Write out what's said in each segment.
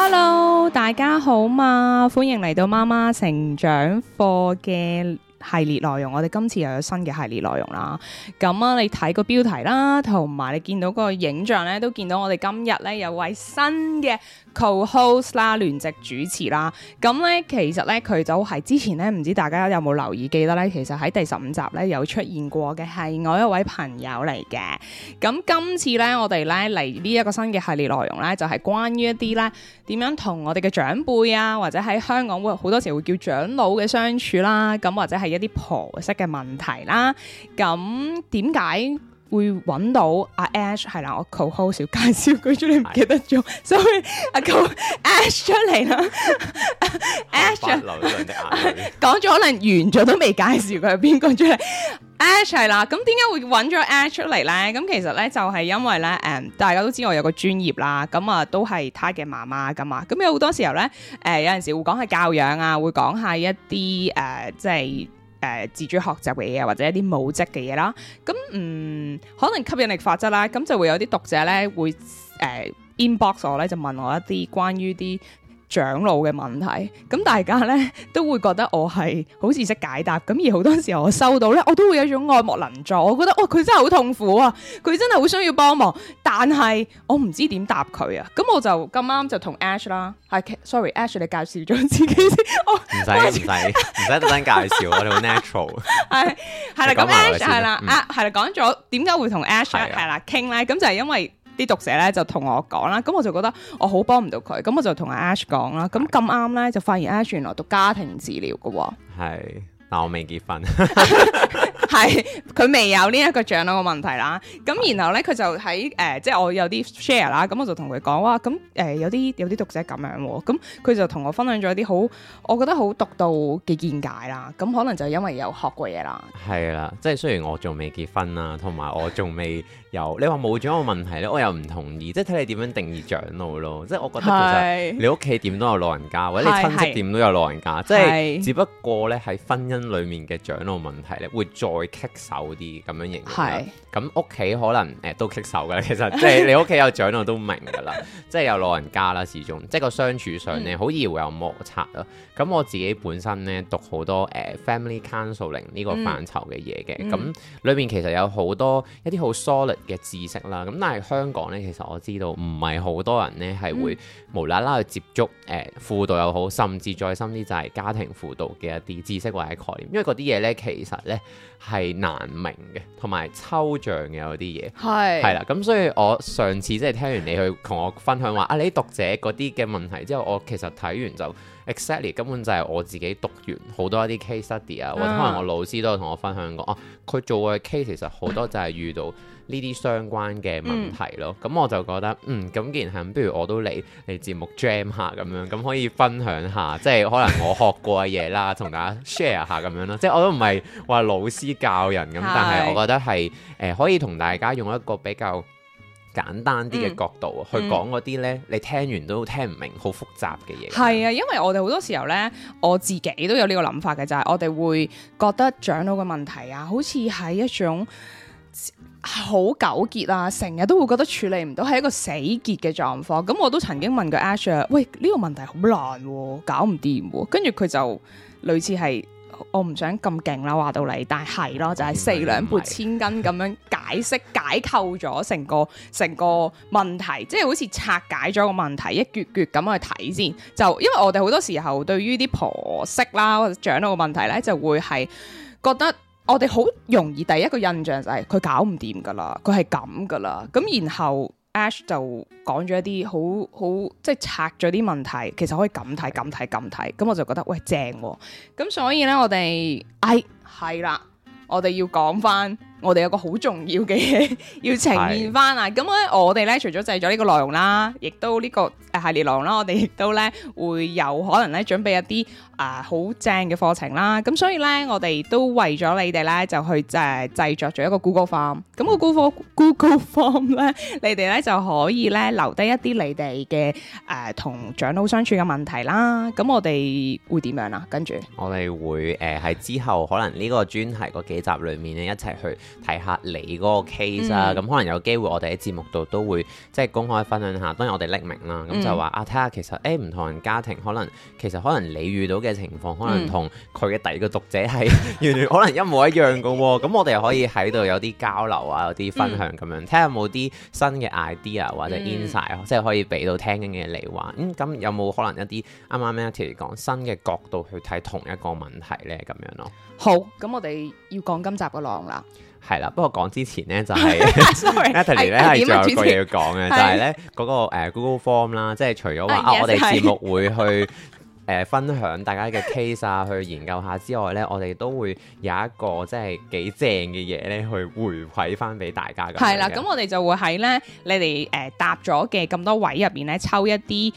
Hello，大家好嘛，歡迎嚟到媽媽成長課嘅系列內容。我哋今次又有新嘅系列內容啦。咁啊，你睇個標題啦，同埋你見到個影像咧，都見到我哋今日咧有位新嘅。co-host 啦，聯席主持啦，咁、嗯、咧其實咧佢就係之前咧，唔知大家有冇留意記得咧，其實喺第十五集咧有出現過嘅係我一位朋友嚟嘅。咁、嗯、今次咧我哋咧嚟呢一個新嘅系列內容咧，就係、是、關於一啲咧點樣同我哋嘅長輩啊，或者喺香港會好多時會叫長老嘅相處啦，咁或者係一啲婆媳嘅問題啦，咁點解？會揾到阿 Ash 係是的 啦，我好少介紹，佢終你唔記得咗，所以阿 Ash 出嚟啦。Ash 流兩滴眼淚講咗可能完咗都未介紹佢係邊個啫。 Ash 係啦，咁點解會揾咗 Ash 出嚟咧？咁其實咧就係因為咧，誒，大家都知我有個專業啦，咁啊都係他嘅媽媽噶嘛，咁有好多時候咧，誒、呃、有陣時會講下教養啊，會講下一啲誒、呃、即係。誒、呃、自主學習嘅嘢或者一啲母職嘅嘢啦，咁嗯可能吸引力法則啦，咁就會有啲讀者咧會誒、呃、inbox 我咧，就問我一啲關於啲長老嘅問題，咁大家咧都會覺得我係好似識解答，咁而好多時候我收到咧，我都會有一種愛莫能助，我覺得哦佢真係好痛苦啊，佢真係好需要幫忙，但係我唔知點答佢啊，咁我就咁啱就同 Ash 啦，係、哎、sorry Ash 你介紹咗自己先，哦唔使唔使唔使特登介紹啊，你好 natural，係係啦咁，係啦啊係啦，講咗點解會同 Ash 係啦傾咧，咁就係因為。啲讀者咧就同我講啦，咁我就覺得我好幫唔到佢，咁我就同阿 Ash 講啦，咁咁啱咧就發現 Ash 原來讀家庭治療噶喎、哦。係。但我未結婚 ，係佢未有呢一個長老嘅問題啦。咁然後咧，佢就喺誒、呃，即係我有啲 share 啦。咁我就同佢講話，咁誒、嗯呃、有啲有啲讀者咁樣喎。咁、嗯、佢就同我分享咗啲好，我覺得好獨到嘅見解啦。咁、嗯、可能就因為有學過嘢啦。係啦，即係雖然我仲未結婚啊，同埋我仲未有， 你話冇長老問題咧，我又唔同意。即係睇你點樣定義長老咯。即係我覺得其實你屋企點都有老人家，或者你親戚點都有老人家。即係只不過咧喺婚姻。裏面嘅長老問題咧，會再棘手啲咁樣形容。係，咁屋企可能誒、呃、都棘手噶其實。 即係你屋企有長老都明噶啦， 即係有老人家啦，始終即係個相處上咧，嗯、好易會有摩擦咯、啊。咁我自己本身咧讀好多誒、呃、family counselling 呢、嗯、個範疇嘅嘢嘅，咁裏、嗯嗯、面其實有好多一啲好 solid 嘅知識啦。咁但係香港咧，其實我知道唔係好多人咧係會無啦啦去接觸誒、呃、輔導又好，甚至再深啲就係家庭輔導嘅一啲知識或者。因為嗰啲嘢呢，其實呢係難明嘅，同埋抽象嘅嗰啲嘢，係係啦。咁所以，我上次即係聽完你去同我分享話啊，你讀者嗰啲嘅問題之後，我其實睇完就。Exactly, 根本就係我自己讀完好多一啲 case study 啊，或者可能我老師都有同我分享過，哦、啊、佢做嘅 case 其實好多就係遇到呢啲相關嘅問題咯。咁、嗯、我就覺得，嗯，咁既然係咁，不如我都嚟嚟節目 jam 下咁樣，咁可以分享下，即係可能我學過嘅嘢啦，同 大家 share 下咁樣咯。即係我都唔係話老師教人咁，是但係我覺得係誒、呃、可以同大家用一個比較簡單啲嘅角度、嗯、去講嗰啲呢，你聽完都聽唔明，好複雜嘅嘢。係啊，因為我哋好多時候呢，我自己都有呢個諗法嘅，就係、是、我哋會覺得長老嘅問題啊，好似係一種好糾結啊，成日都會覺得處理唔到，係一個死結嘅狀況。咁我都曾經問過 Ash，喂，呢、這個問題好難、啊，搞唔掂、啊。跟住佢就類似係。我唔想咁勁啦，話到你。但係係咯，就係、是、四兩撥千斤咁樣解釋解構咗成個成個問題，即係好似拆解咗個問題，一橛橛咁去睇先。就因為我哋好多時候對於啲婆媳啦、或者長輩嘅問題呢，就會係覺得我哋好容易第一個印象就係佢搞唔掂噶啦，佢係咁噶啦，咁然後。就講咗一啲好好，即係拆咗啲問題，其實可以咁睇、咁睇、咁睇，咁我就覺得喂正喎，啊，咁所以呢，我哋，哎唉，係啦，我哋要講返。我哋有個好重要嘅嘢要呈現翻啊！咁咧是，我哋咧除咗製作呢個內容啦，亦都呢個系列內容啦，我哋亦都咧會有可能咧準備一啲啊好正嘅課程啦。咁所以咧，我哋都為咗你哋咧就去誒製作咗一個 Google Form。咁個 Google Google Form 咧，你哋咧就可以咧留低一啲你哋嘅誒同長老相處嘅問題啦。咁我哋會點樣啊？跟住我哋會誒喺、呃、之後可能呢個專題嗰幾集裏面咧一齊去。睇下你嗰個 case 啊，咁可能有機會我哋喺節目度都會即係公開分享下，當然我哋匿名啦，咁就話啊睇下其實誒唔同人家庭可能其實可能你遇到嘅情況，可能同佢嘅第二個讀者係完全可能一模一樣噶喎，咁我哋可以喺度有啲交流啊，有啲分享咁樣，睇下有冇啲新嘅 idea 或者 insight，即係可以俾到聽緊嘅你話，嗯咁有冇可能一啲啱啱 match 嚟講新嘅角度去睇同一個問題呢？咁樣咯。好，咁我哋要講今集嘅浪啦。係啦，不過講之前咧就係，sorry，Natalie 咧係仲有個嘢要講嘅，就係咧嗰個 Google Form 啦，即係除咗話啊，的我哋節目會去誒、 呃、分享大家嘅 case 啊，去研究下之外咧，我哋都會有一個即係幾正嘅嘢咧去回饋翻俾大家嘅。係啦，咁我哋就會喺咧你哋誒、呃、答咗嘅咁多位入邊咧抽一啲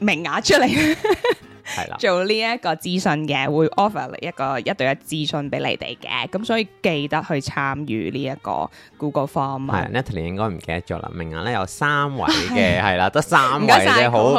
名額出嚟。 係啦，做呢一個諮詢嘅會 offer 一個一對一諮詢俾你哋嘅，咁所以記得去參與呢一個 Google Form，啊。係 Natalie 應該唔記得咗啦，名額咧有三位嘅，係啦的，得的三位嘅，好，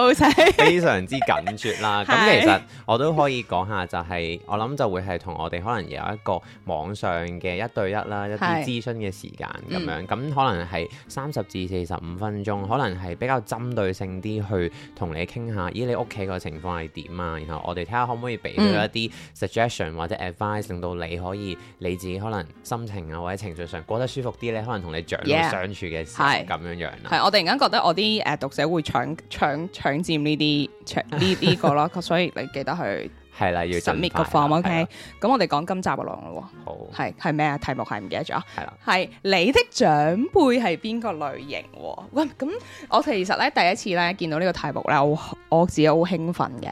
非常之緊缺啦。咁 的其實我都可以講下、就是，就係我諗就會係同我哋可能有一個網上嘅一對一啦，一啲諮詢嘅時間咁樣，咁的、嗯、可能係三十至四十五分鐘，可能係比較針對性啲去同你傾下，咦你屋企個情況係點？嘛，然後我哋睇下可唔可以俾到一啲 suggestion 或者 advice，令到你可以你自己可能心情啊或者情緒上過得舒服啲呢，可能同你長輩相處嘅時咁 Yeah. 樣樣啦。係，我突然間覺得我啲誒讀者會搶搶搶佔呢啲呢呢個咯， 所以你記得去。係啦， 要 submit 個 form，OK。咁我哋講今集嘅內容咯，係係咩啊？題目係唔記得咗，係啦，係 你的長輩係邊個類型？喂，嗯，咁我其實咧第一次咧見到呢個題目咧，我我自己好興奮嘅，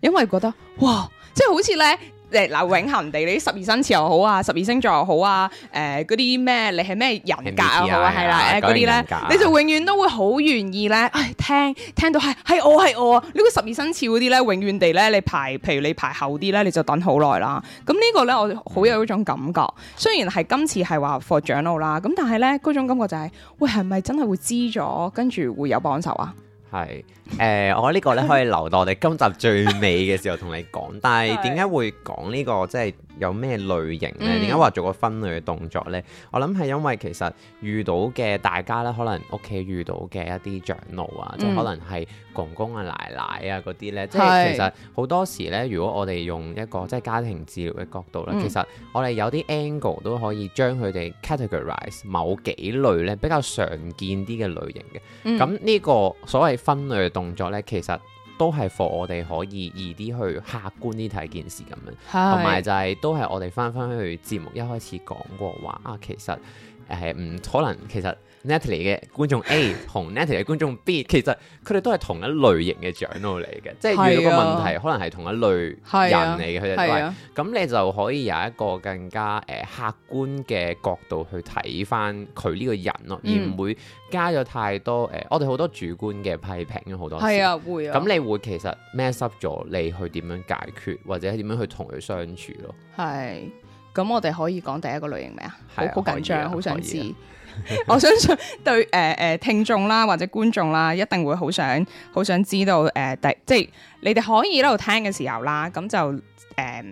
因為覺得哇，即係好似咧。即嗱，永恒地，你啲十二生肖又好啊，十二星座又好啊，誒嗰啲咩，你係咩人格又好啊，係 啦，誒嗰啲咧，你就永遠都會好願意咧，唉，聽聽到係係我係我呢個十二生肖嗰啲咧，永遠地咧，你排譬如你排後啲咧，你就等好耐啦。咁呢個咧，我好有嗰種感覺。雖然係今次係話獲獎號啦，咁但係咧嗰種感覺就係、是，喂係咪真係會知咗，跟住會有幫手啊？係，誒、呃，我覺得呢個咧可以留到我哋今集最尾嘅時候同你講， 但係點解會講呢、呢個即係，就是有咩類型咧？點解話做個分類嘅動作呢？嗯、我諗係因為其實遇到嘅大家咧，可能屋企遇到嘅一啲長老啊，即係、嗯、可能係公公婆婆啊、奶奶啊嗰啲呢。即係是其實好多時呢，如果我哋用一個即係家庭治療嘅角度咧，嗯、其實我哋有啲 angle 都可以將佢哋 categorize 某幾類呢，比較常見啲嘅類型嘅。咁呢、嗯、個所謂分類嘅動作呢，其實～都係為，我哋可以易啲去客觀啲睇件事咁樣，同埋是就係、是、都係我哋返返去節目一開始講過話啊，其實誒唔、呃、可能，其實。Natalie 嘅觀眾 A 同 Natalie 嘅觀眾 B，其實佢哋都係同一類型嘅長老嚟嘅，啊、即係遇到個問題可能係同一類人嚟嘅，佢哋都係。咁、啊、你就可以有一個更加誒、呃、客觀嘅角度去睇翻佢呢個人咯，嗯、而唔會加咗太多誒、呃。我哋好多主觀嘅批評，好多係啊，會咁、啊、你會其實 mess up 咗你去點樣解決，或者點樣去同佢相處咯。係，咁我哋可以講第一個類型咩？啊？好好緊張，好想知。 我相信對誒誒、呃呃、聽眾啦或者觀眾啦，一定會好想好想知道誒、呃，第即係你哋可以喺度聽嘅時候啦，咁就誒。呃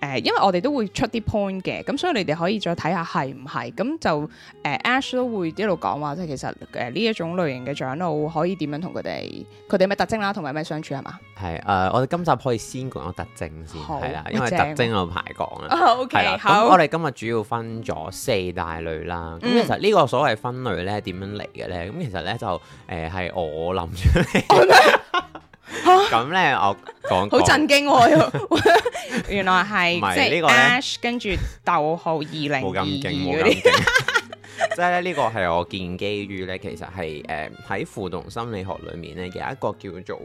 誒，因為我哋都會出啲 point 嘅，咁所以你哋可以再睇下係唔係，咁就誒、呃、Ash 都會一路講話，即係其實誒呢一種類型嘅長老可以點樣同佢哋佢哋有咩特徵啦，同埋有咩相處係嘛？係誒、呃，我哋今集可以先講個特徵先，係啦好，因為棒特徵有排講啊、哦，OK，的好，我哋今日主要分咗四大類啦。咁、嗯、其實呢個所謂分類咧點樣嚟嘅咧？咁其實咧就誒係、呃、我諗出嚟嘅。 咁咧， 我講 好震驚， 原來係即係呢 Ash 跟住逗號二零二二冇咁勁嗰啲，即係咧呢個係我建基於咧，其實係誒喺互動心理學裏面咧有一個叫做。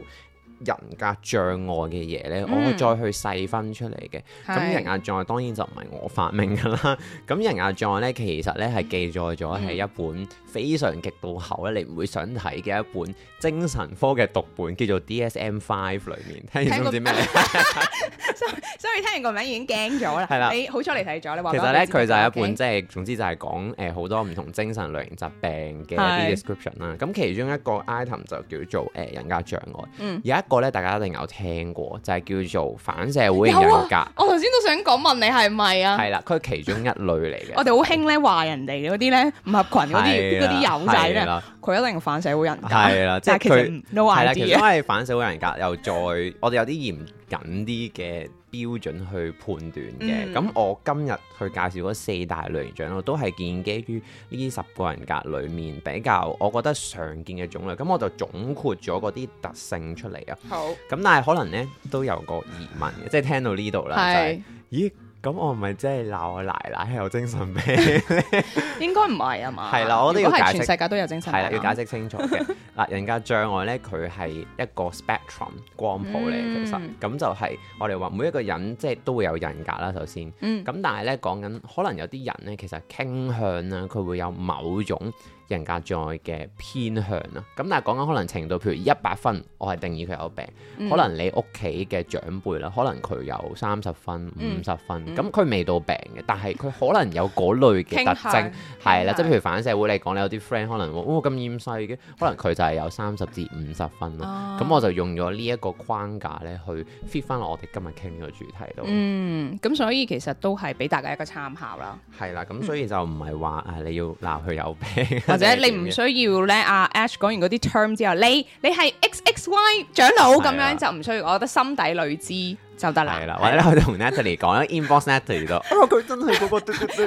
人格障礙嘅嘢咧，我會再去細分出嚟嘅。咁人格障礙當然就唔係我發明噶啦。咁人格障礙咧，其實咧係記載咗係一本非常極度厚咧，你唔會想睇嘅一本精神科嘅讀本，叫做 DSM Five 裏面。聽完都知咩？所所以聽完個名已經驚咗啦。係啦，你好彩你睇咗你話。其實咧，佢就係一本即係，總之就係講誒好多唔同精神類型疾病嘅 description 啦。咁其中一個 item 就叫做誒人格障礙。而家，個咧，大家一定有聽過，就係、是、叫做反社會人格。啊，我頭先都想講問你係咪啊？係啦，佢係其中一類嚟嘅。 我哋好興咧，話人哋嗰啲咧唔合群嗰啲啲友仔咧，佢一定反社會人格。係啦的，即係佢係啦，因為 no idea. 反社會人格又再，我哋有啲嚴謹啲嘅。標準去判斷嘅，咁、嗯、我今日去介紹嗰四大類型象咯，我都係建基於呢十個人格裡面比較，我覺得常見嘅種類，咁我就總括咗嗰啲特性出嚟啊。好，咁但係可能呢都有個疑問嘅，即係聽到呢度啦，是就係、咦咁我唔係真係鬧我奶奶係有精神病， 應該唔係啊嘛？係啦， 我都要解釋。全世界都有精神，係啦，要解釋清楚嘅嗱， 人家障礙人格障礙咧，佢係一個 spectrum 光譜嚟嘅，其實咁、嗯、就係、是、我哋話每一個人即係都會有人格啦，首先，嗯，咁但係咧講緊可能有啲人咧，其實傾向啦，佢會有某種。人格障礙嘅偏向啦，咁但係講緊可能程度，譬如一百分，我係定義佢有病。嗯、可能你屋企嘅長輩啦，可能佢有三十分、五十、嗯、分，咁佢、嗯、未到病嘅，但係佢可能有嗰類嘅特徵，係啦，即係譬如反社會嚟講，你有啲 friend 可能，哇咁厭世嘅，可能佢就係有三十至五十分咯。咁、嗯、我就用咗呢一個框架咧，去 fit 翻落我哋今日傾嘅主題度。嗯，咁所以其實都係俾大家一個參考啦。係啦，咁所以就唔係話啊，你要鬧佢有病。 或者你唔需要咧，阿 Ash 講完嗰啲 term 之後，你你係 X X Y 長老咁樣就唔需要，我覺得心底裏知就得啦。或者去同 Natalie 講 inbox Natalie 都，啊佢真係嗰個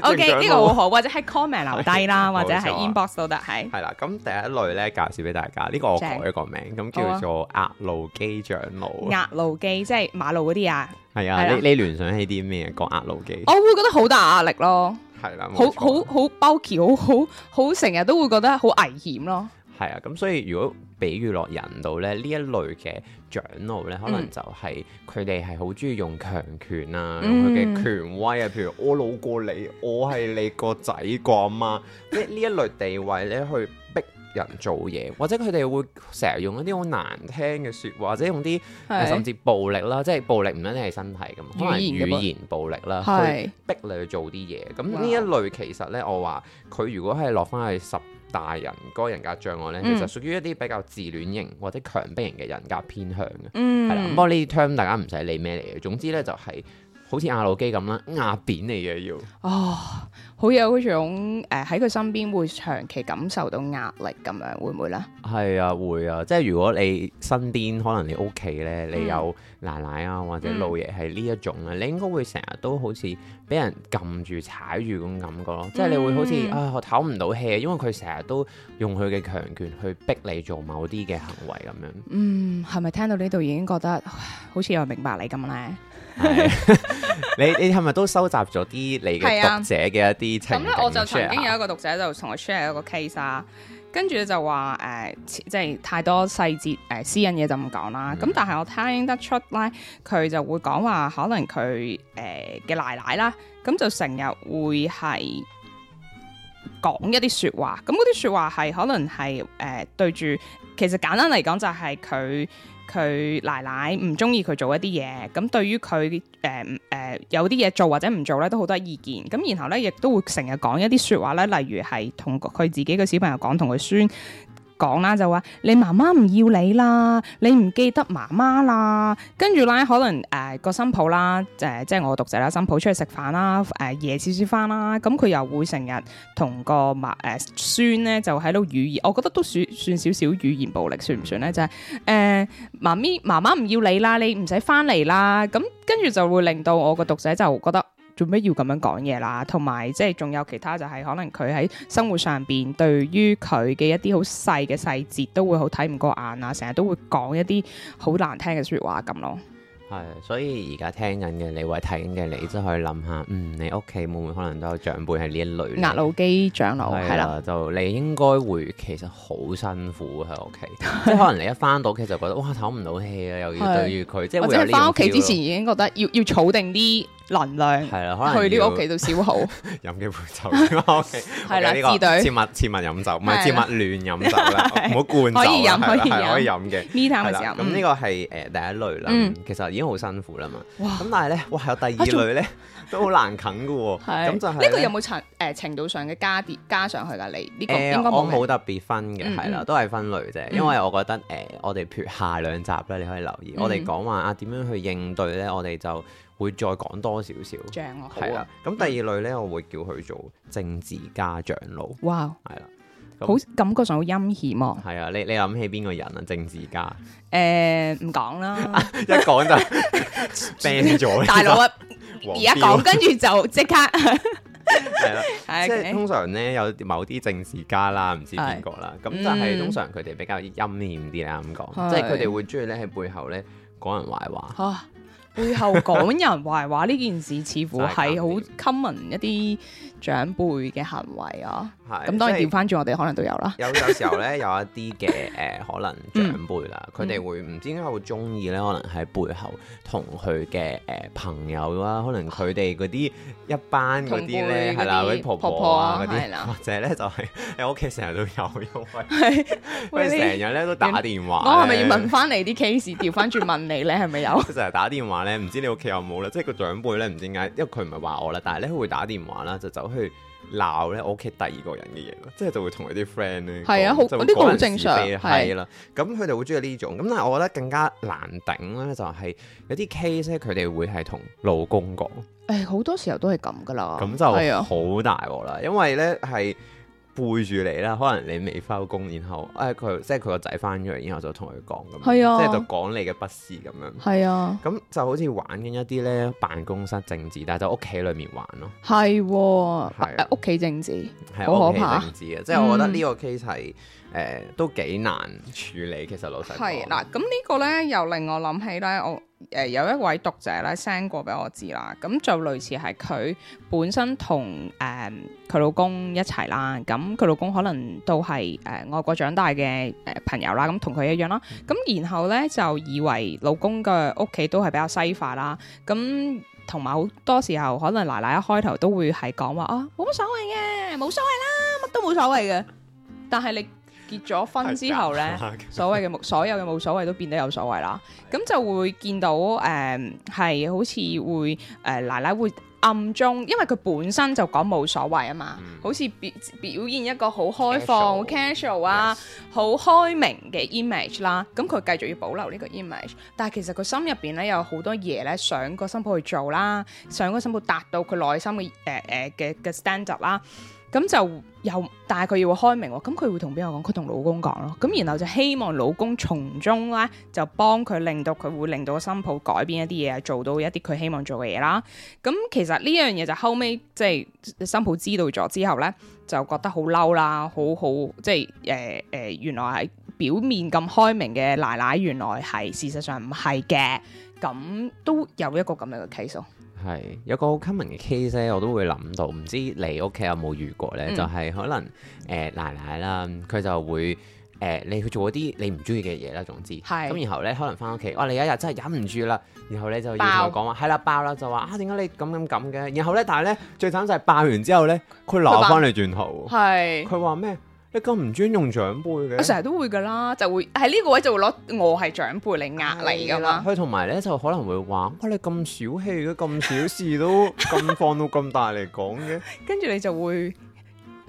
OK 呢個好，好，或者係 comment 留低啦，或者係 inbox 都得係。係啦，咁第一類咧介紹俾大家，呢個我改一個名，咁叫做壓路機長老。壓路機即係馬路嗰啲啊？係啊，你你聯想起啲咩？講壓路機，我會覺得好大壓力咯。係啦，好好好包起，好好好成日都會覺得好危險咯。係啊，咁所以如果比喻落人度咧，呢一類嘅長老咧，可能就係佢哋係好中意用強權啊，嗯、用佢嘅權威啊，譬如我老過你， 我係你個仔個阿媽，呢呢一類地位咧 去。人做嘢，或者佢哋會成日用一啲好難聽嘅説話，或者用啲是甚至暴力啦，即係暴力唔一定係身體咁，可能語言暴力啦，力是去逼你去做啲嘢。咁呢哇一類其實呢，我話佢如果係落翻去十大人嗰個人格障礙呢，嗯、其實屬於一啲比較自戀型或者強迫型嘅人格偏向嘅。嗯，咁不過呢啲 term 大家唔使理咩嚟嘅？總之呢、就是，就係。好似阿老基咁啦，壓扁你嘅要，啊、哦，好有嗰種誒喺佢身邊會長期感受到壓力咁樣，會唔會呢？係啊，會啊，即係如果你身邊可能你屋企呢，你有奶奶啊或者老爺係呢一種啊，嗯、你應該會成日都好似俾人撳住踩住咁感覺咯，即係你會好似、嗯、啊我唞唔到氣，因為佢成日都用佢嘅強權去逼你做某啲嘅行為咁樣。嗯，係咪聽到呢度已經覺得好似有人明白你咁呢？ 你你係咪都收集咗啲你嘅讀者嘅一啲情？咁咧、啊、我就曾經有一個讀者就同我 share 一個 case 啊,跟住就話誒、呃,即係太多細節誒、呃,私隱嘢就唔講啦。咁、嗯、但係我聽得出咧,佢就會講話可能佢誒嘅奶奶啦,咁就成日會係講一啲說話。咁嗰啲說話係可能係誒、呃、對住,其實簡單嚟講就係佢。佢奶奶唔中意佢做一啲嘢，咁對於佢誒誒有啲嘢做或者唔做咧，都好多意見。咁然後咧，亦都會成日講一啲説話咧，例如係同佢自己嘅小朋友講，同佢孫。講啦就話你媽媽唔要你啦，你唔記得媽媽啦，跟住咧可能誒、呃、個新抱啦誒即係我獨仔啦，新抱出去食飯啦誒夜少少翻啦，咁、呃、佢又會成日同個媽誒孫咧就喺度語言，我覺得都算算少少語言暴力，算唔算咧？就係誒媽咪媽媽唔要你啦，你唔使翻嚟啦。咁跟住就會令到我個獨仔就覺得。做咩要咁樣講嘢啦？同埋即係仲有其他就係可能佢喺生活上邊對於佢嘅一啲好細嘅細節都會好睇唔過眼啊！成日都會講一啲好難聽嘅說話咁咯。係，所以而家聽緊嘅你，或睇緊嘅你，真係諗下，嗯，你屋企會唔會可能都有長輩係呢一類？壓路機長老係啦，的的就你應該會其實好辛苦喺屋企， 即係可能你一翻到屋企就覺得哇唞唔到氣啊，又要對於佢的即係。或者翻屋企之前已經覺得要要儲定啲能量係啦，可能去啲屋企度消耗飲幾杯酒。屋企，係啦，呢個切勿切勿飲酒，唔係切勿亂飲酒啦，唔好灌酒係啦，可以飲嘅。呢啖嘅時候，咁呢個係誒第一類啦。其實已經好辛苦啦嘛。哇！咁但係咧，哇，有第二類咧都好難啃㗎喎。咁就係呢個有冇層程度上嘅加跌加上去啦？你呢個應該冇特別分嘅，係啦，都係分類啫。因為我覺得誒，我哋撇下兩集咧，你可以留意。我哋講話啊，點樣去應對咧？我哋就會再講多少少，係啦。咁第二類咧，我會叫佢做政治家長老。哇，係啦，好感覺上好陰險喎。係啊，你你諗起邊個人啊？政治家？誒，唔講啦，一講就變咗。大佬而家講跟住就即刻係啦。即係通常咧有某啲政治家啦，唔知邊個啦。咁就係通常佢哋比較陰險啲啦。咁講，即係佢哋會中意咧喺背後咧講人壞話。背後講人壞話呢 件事，似乎係好 common 一啲長輩嘅行為啊。咁當然調翻轉，我哋可能都有啦。有有時候咧，有一啲嘅誒，可能長輩啦，佢哋會唔知點解會中意咧，可能喺背後同佢嘅誒朋友啦，可能佢哋嗰啲一班嗰啲咧，係啦，嗰啲婆婆啊嗰啲，或者咧就係喺屋企成日都有，因為因為成日咧都打電話。我係咪要問翻你啲 case，調翻轉問你咧係咪有？成日打電話咧，唔知你屋企有冇啦？即係個長輩咧，唔知點解，因為佢唔係話我啦，但係咧佢會打電話啦，就走去。鬧咧，我屋企第二個人嘅嘢，即係就會同佢啲 friend 咧，係啊，好嗰啲好正常，係啦的。咁佢哋會中意呢種，咁但係我覺得更加難頂咧，就係有啲 case 咧，佢哋會係同老公講，誒好多時候都係咁噶啦，咁就好大鑊啦，的因為咧係。背住你啦，可能你未翻工，然後誒佢、哎、即係佢個仔翻咗嚟，然後就同佢講咁樣，啊、即係就講你嘅不是咁樣。係啊，咁就好似玩緊一啲咧辦公室政治，但係就屋企裏面玩咯。係、啊，係屋企政治，好可怕。啊、政治啊。即係我覺得呢個 case 係、嗯。誒、呃、都幾難處理，其實老實講係嗱，咁呢個咧又令我諗起咧，我誒、呃、有一位讀者咧 send 過俾我知啦，咁就類似係佢本身同誒佢老公一齊啦，咁佢老公可能都係誒外國長大嘅誒、呃、朋友啦，咁同佢一樣咯，咁然後咧就以為老公嘅屋企都係比較西化啦，咁同埋好多時候可能奶奶一開頭都會係講話啊冇乜所謂嘅，冇所謂啦，乜都冇所謂嘅，但係你。結咗婚之後呢， 所謂嘅冇，所有嘅冇所謂都變得有所謂啦。咁 就會見到誒係、嗯、好似會誒奶奶會暗中，因為佢本身就講冇所謂啊嘛， 好似表表現一個好開放、casual Cas 啊、好 Yes. 開明嘅 image 啦。咁佢繼續要保留呢個 image，但係其實佢心入邊呢，有好多嘢呢，想個新抱去做啦，想個新抱達到佢內心嘅誒誒、呃、嘅嘅、呃、standard 啦。咁就又，但係佢要開明喎，咁佢會同邊個講？佢同老公講咯，咁然後就希望老公從中咧就幫佢令到佢會令到個新抱改變一啲嘢，做到一啲佢希望做嘅嘢啦。咁其實呢樣嘢就後尾，即係新抱知道咗之後咧，就覺得好嬲啦，好好即係誒誒，原來係表面咁開明嘅奶奶，原來係事實上唔係嘅，咁都有一個咁樣嘅 case。係有個好 common 嘅 case 咧，我都會諗到，唔知你屋企有冇遇過咧？嗯、就係可能誒、呃、奶奶啦，佢就會誒、呃、你去做嗰啲你唔中意嘅嘢啦，總之，咁是 然後咧可能翻屋企，哇！你一日真係忍唔住啦，然後咧就要同佢講話係啦，爆啦，就話啊，點解你咁咁咁嘅？然後咧，但係咧最慘就係爆完之後咧，佢鬧翻你轉頭，係佢話咩？你咁唔尊重長輩嘅，我成日都會㗎啦，就會喺呢個位就會攞我係長輩嚟壓你㗎啦。佢同埋咧就可能會話：喂，你咁小氣，咁小事都咁 放到咁大嚟講嘅。跟住 你就會。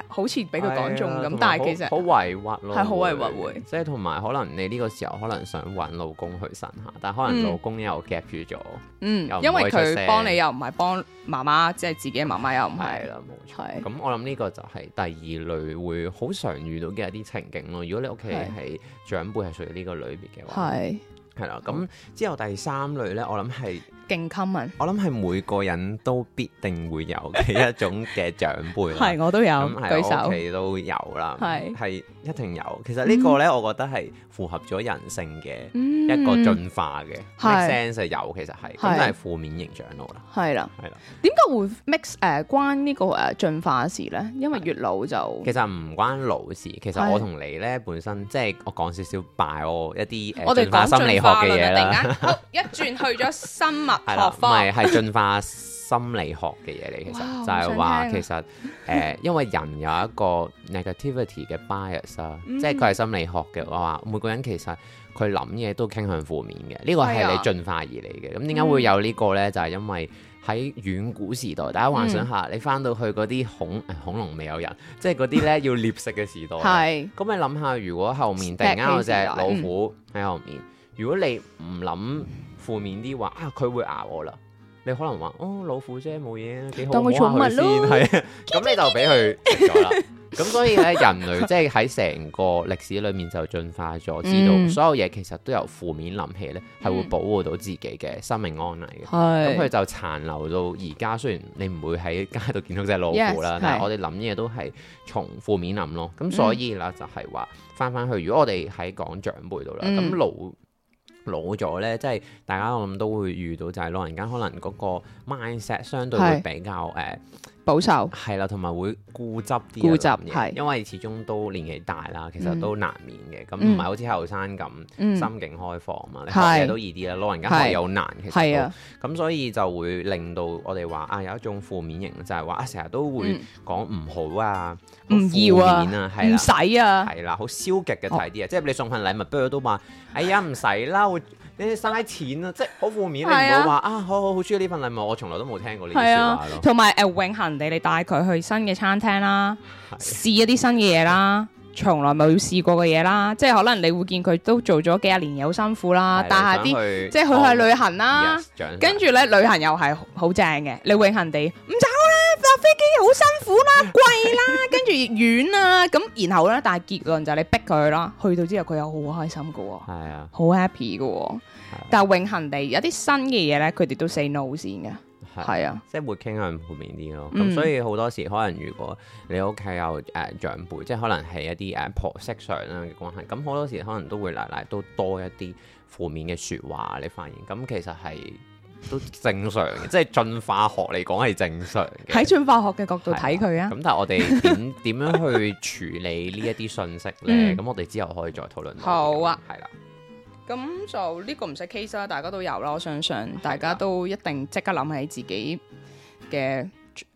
好似俾佢講中咁，有但係其實好委屈咯，係好委屈會。即係同埋可能你呢個時候可能想搵老公去呻下，但係可能老公又夾住咗。嗯，因為佢幫你又唔係幫媽媽，即係自己嘅媽媽又唔係啦，冇錯。咁是我諗呢個就係第二類會好常遇到嘅一啲情景咯。如果你屋企係長輩係屬於呢個類別嘅話，係係啦。咁之後第三類咧，我諗係。勁 common 我諗係每個人都必定會有嘅一種嘅長輩，係我都有，喺屋企都有啦。係係一定有。其實呢個咧，我覺得係符合咗人性嘅一個進化嘅 sense 係有。其實係咁，都係負面形象咯。係啦，係啦。點解會 mix 誒關呢個誒進化事咧？因為越老就其實唔關老事。其實我同你咧本身，即係我講少少拜我一啲進化心理學嘅嘢啦。突然間一轉去咗生物。係啦，唔係係進化心理學嘅嘢嚟，其實就係話其實誒、呃，因為人有一個 negativity 嘅 bias 啊， 即係佢係心理學嘅話，每個人其實佢諗嘢都傾向負面嘅，呢個係你進化而嚟嘅。咁點解會有個呢個咧？就係、是、因為喺遠古時代，大家幻想下， 你翻到去嗰啲恐恐龍未有人，即係嗰啲咧要獵食嘅時代。係咁，你諗下，如果後面突然間有隻老虎喺後面，如果你唔諗。負面啲話啊，佢會咬我啦！你可能話哦，老虎啫，冇嘢，幾好當個寵物咯，係啊，咁你就俾佢食咗啦。咁所以咧，人類即係喺成個歷史裏面就進化咗，知道所有嘢其實都由負面諗起咧，係會保護到自己嘅生命安危嘅。咁佢就殘留到而家，雖然你唔會喺街度見到隻老虎啦，但係我哋諗嘢都係從負面諗咯。咁所以啦，就係話翻翻去，如果我哋喺講長輩度啦，咁老。老咗呢，即係大家我諗都會遇到，就係老人家可能嗰個 mindset 相對會比較誒。保守，係啦，同埋會固執啲，固執嘅，因為始終都年紀大啦，其實都難免嘅，咁唔係好似後生咁心境開放啊嘛，睇都易啲啦，老人家係有難嘅，咁所以就會令到我哋話啊有一種負面型，就係話啊成日都會講唔好啊，唔要啊，係啦，唔使啊，係啦，好消極嘅睇啲啊，即係你送份禮物俾佢都話，哎呀唔使啦。你嘥錢啊！即係好負面，你唔好話啊！好好好中意呢份禮物，我從來都冇聽過呢啲説話咯、啊。同埋誒，永恆地你帶佢去新嘅餐廳啦，是的 試一啲新嘅嘢啦，是的 從來冇試過嘅嘢啦。即係可能你會見佢都做咗幾廿年，又好辛苦啦。的但下啲去即係去去旅行啦，嗯、yes, s 跟住咧旅行又係好正嘅。你永恆地、嗯搭飛機好辛苦啦，貴啦，跟住遠啊，咁 然後咧，但係結論就係你逼佢咯。去到之後佢又好開心嘅喎、哦，係啊，好 happy 嘅喎、哦。啊、但係永恆地有啲新嘅嘢咧，佢哋都 say no 先嘅，係啊，啊啊即係會傾向負面啲咯。咁、嗯、所以好多時可能如果你屋企有誒長輩，即係可能係一啲誒婆媳上啊嘅關係，咁好多時可能都會奶奶都多一啲負面嘅説話。你發現咁其實係。都正常，即係進化學嚟講係正常嘅。喺進化學嘅角度睇佢的啊。咁但係我哋點點樣去處理呢一啲信息呢？咁 我哋之後可以再討論。好啊，係啦的。咁就呢個唔使 case 啦，大家都有啦。我相信的大家都一定即刻諗起自己嘅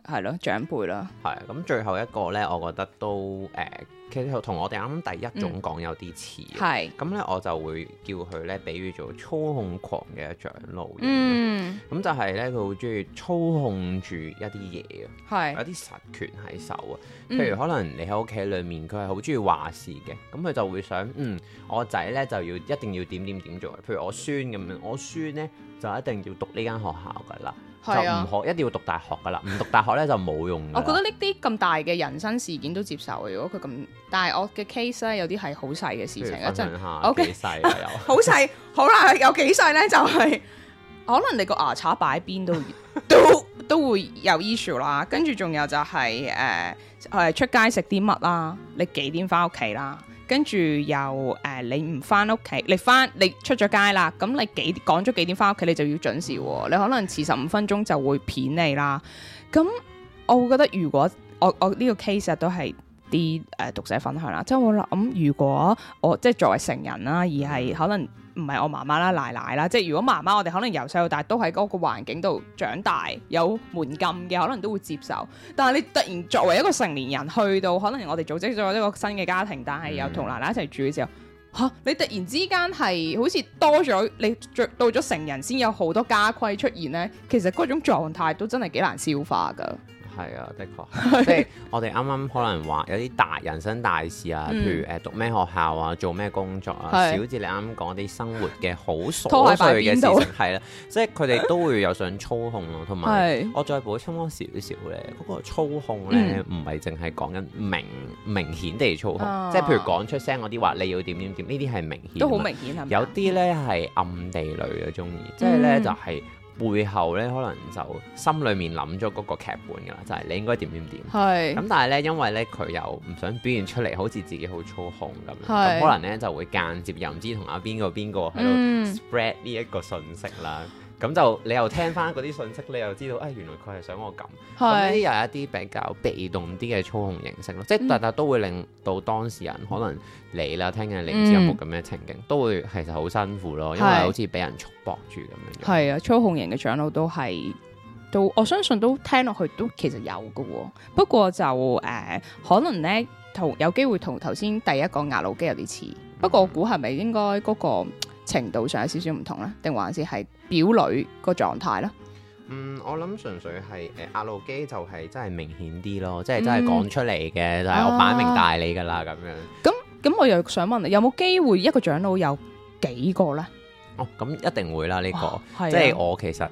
係咯長輩啦。係咁，最後一個呢，我覺得都誒。呃其實同我哋啱啱第一種講有啲似嘅，咁咧、嗯、我就會叫佢咧，比喻做操控狂嘅長老，咁、嗯、就係咧佢好中意操控住一啲嘢嘅，是有啲實權喺手啊。譬如可能你喺屋企裏面，佢係好中意話事嘅，咁佢、嗯、就會想嗯我仔咧就要一定要點點點做，譬如我孫咁樣，我孫咧就一定要讀呢間學校噶啦。就唔學，一定要讀大學噶啦，唔讀大學咧就冇用。 我覺得呢啲咁大嘅人生事件都接受。如果佢咁大我嘅 case 咧，有啲係好細嘅事情。一陣、啊、，OK， 好細，好啦，有幾細咧就係、是、可能你個牙刷擺邊都 都都會有 issue 啦。跟住仲有就係誒誒出街食啲乜啦，你幾點翻屋企啦？跟住又誒、呃，你唔翻屋企，你翻你出咗街啦，咁、嗯、你幾講咗幾點翻屋企，你就要準時喎、啊。你可能遲十五分鐘就會片你啦。咁、嗯、我會覺得，如果我我呢個 case、啊、都係啲誒讀者分享啦，即、就、係、是、我諗，如果我即係作為成人啦、啊，而係可能。唔係我媽媽啦，奶奶啦，即係如果媽媽，我哋可能由細到大都喺嗰個環境度長大，有門禁嘅，可能都會接受。但係你突然作為一個成年人去到，可能我哋組織咗一個新嘅家庭，但係又同奶奶一齊住嘅時候，嚇、嗯啊、你突然之間係好似多咗，你到咗成人先有好多家規出現呢。其實嗰種狀態都真係幾難消化㗎。係啊，的確，即係我哋啱啱可能話有啲大人生大事啊，譬如誒讀咩學校啊，做咩工作啊，小至你啱啱講啲生活嘅好瑣碎嘅事情，係啦，即係佢哋都會有想操控咯，同埋我再補充多少少咧，嗰個操控咧唔係淨係講緊明明顯地操控，即係譬如講出聲嗰啲話你要點點點，呢啲係明顯，都好明顯係嘛？有啲咧係暗地裡嘅中意，即係咧就係。背後咧，可能就心裏面諗咗嗰個劇本噶啦，就係、是、你應該點點點。係咁是，但係咧，因為咧佢又唔想表現出嚟，好似自己好操控咁樣，咁是可能咧就會間接又唔知同阿邊個邊個喺度 spread 呢一、嗯、個信息啦。咁就你又聽翻嗰啲信息，你又知道，哎，原來佢係想我咁。咁呢啲又係一啲比較被動啲嘅操控形式咯，嗯、即係大係都會令到當事人可能你啦，聽緊你唔知有冇咁嘅情景，嗯、都會其實好辛苦咯，因為好似俾人束縛住咁樣。係啊，操控型嘅長老都係，都我相信都聽落去都其實有嘅喎、哦。不過就誒、呃，可能咧同有機會同頭先第一個壓腦機有啲似。不過我估係咪應該嗰、那個？嗯程度上有少少唔同咧，定還是係表裏個狀態咧？嗯，我諗純粹係誒壓路機就係真係明顯啲咯，嗯、即係真係講出嚟嘅，但係、啊、我擺明大你噶啦咁樣。咁咁我又想問你，有冇機會一個長老有幾個咧？哦，咁一定會啦呢、呢個，啊、即係我其實。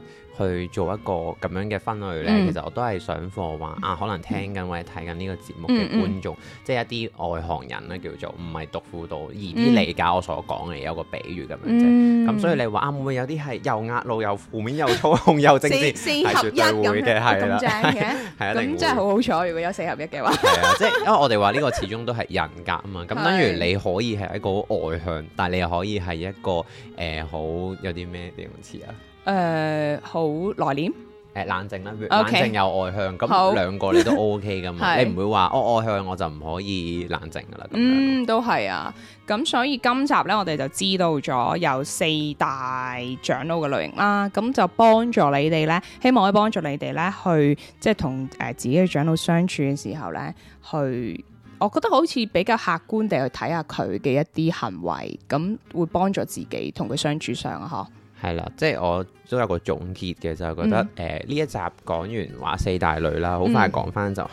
去做一個咁樣嘅分類呢，嗯、其實我都係上課話啊，可能聽緊或者睇緊呢個節目嘅觀眾，嗯嗯、即係一啲外行人咧叫做唔係讀輔導，而啲理解我所講嘅有個比喻咁樣啫。咁、嗯、所以你話啊，會唔會有啲係又壓路又負面又操控又正先？四合一嘅係啦，咁正嘅，咁真係好好彩。如果有四合一嘅話，即係 因為我哋話呢個始終都係人格啊嘛。咁 等於你可以係一個外向，但係你又可以係一個誒好、呃、有啲咩形容詞啊？誒，好內斂，誒冷靜啦，冷靜有外向，咁兩 Okay. 個你都 O K 噶嘛？ 是你唔會話，我、哦、外向我就唔可以冷靜噶啦。嗯，都係啊，咁所以今集呢，我哋就知道咗有四大長老嘅類型啦，咁就幫助你哋呢，希望可以幫助你哋呢去即係同誒自己嘅長老相處嘅時候呢，去我覺得好似比較客觀地去睇下佢嘅一啲行為，咁會幫助自己同佢相處上呵。係啦， 嗯、即係我都有個總結嘅，就係覺得誒呢、呃、一集講完話四大類啦，好快講翻就係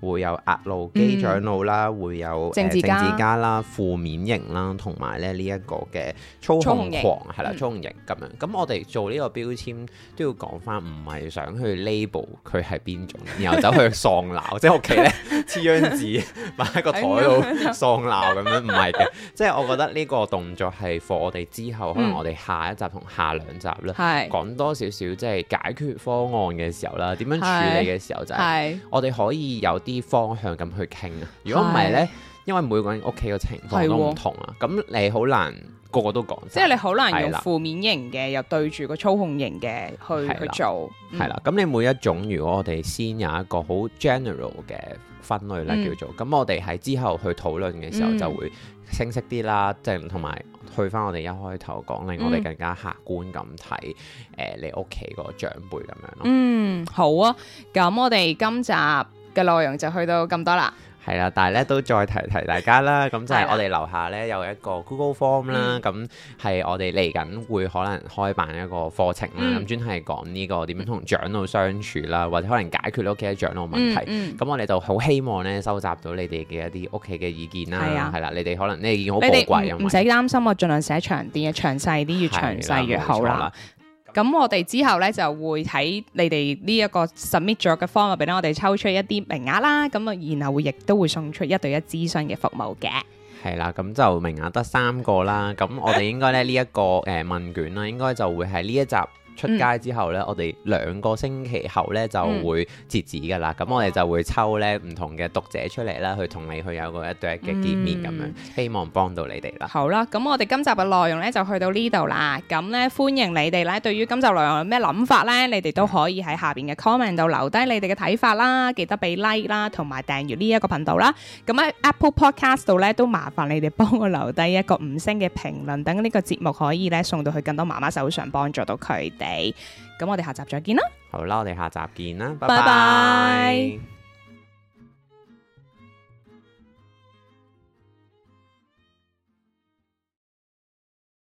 會有壓路機長老啦，嗯、會有、呃、政治家啦，家負面型啦，同埋咧呢一個嘅操控狂係啦，操控型咁樣。咁、嗯、我哋做呢個標籤都要講翻，唔係想去 label 佢係邊種，然後走去喪鬧， 即係屋企咧黐張紙擺喺個台度喪鬧咁樣，唔係嘅。 即係我覺得呢個動作係 for 我哋之後，可能我哋下一集同下。兩集啦，講多少少即係解決方案嘅時候啦，點樣處理嘅時候是就係我哋可以有啲方向咁去傾。如果唔係呢？因為每個人屋企嘅情況都唔同啊。咁、哦、你好難個個都講。即係你好難用負面型嘅，啦又對住個操控型嘅去啦去做。係啦，咁、嗯、你每一種，如果我哋先有一個好 general 嘅分類咧，嗯、叫做咁，我哋喺之後去討論嘅時候、嗯、就會清晰啲啦。即係同埋去翻我哋一開頭講，令我哋更加客觀咁睇誒，你屋企個長輩咁樣咯。嗯，好啊，咁我哋今集嘅內容就去到咁多啦。係啦，但係咧都再提提大家啦。咁就係我哋樓下咧有一個 Google Form 啦。咁係我哋嚟緊會可能開辦一個課程啦。咁專係講呢個點樣同長老相處啦，或者可能解決屋企嘅長老問題。咁我哋就好希望咧收集到你哋嘅一啲屋企嘅意見啦。係啦，你哋可能你哋好寶貴，唔唔使擔心。我盡量寫長啲嘅，詳細啲越詳細越好啦。咁我哋之後呢，就會喺你哋呢一個 submit 咗嘅 form 入邊咧，我哋抽出一啲名額啦，咁啊然後亦都會送出一對一諮詢嘅服務嘅。係啦，咁就名額得三個啦。咁我哋應該咧呢一、 這個誒、呃、問卷啦，應該就會喺呢一集。出街之後咧，嗯、我哋兩個星期後咧就會截止噶啦。咁、嗯、我哋就會抽咧唔、嗯、同嘅讀者出嚟啦，去同你去有一個一對一嘅見面咁樣、嗯、希望幫到你哋啦。好啦，咁我哋今集嘅內容咧就去到呢度啦。咁咧歡迎你哋咧，對於今集內容有咩諗法咧，你哋都可以喺下邊嘅 comment 度留低你哋嘅睇法啦。記得俾 like 啦，同埋訂閱呢一個頻道啦。咁喺 Apple Podcast 度咧，都麻煩你哋幫我留低一個五星嘅評論，等呢個節目可以咧送到去更多媽媽手上，幫助到佢哋。咁我哋下集再見啦，好啦，我哋下集見啦，拜拜 bye。Bye bye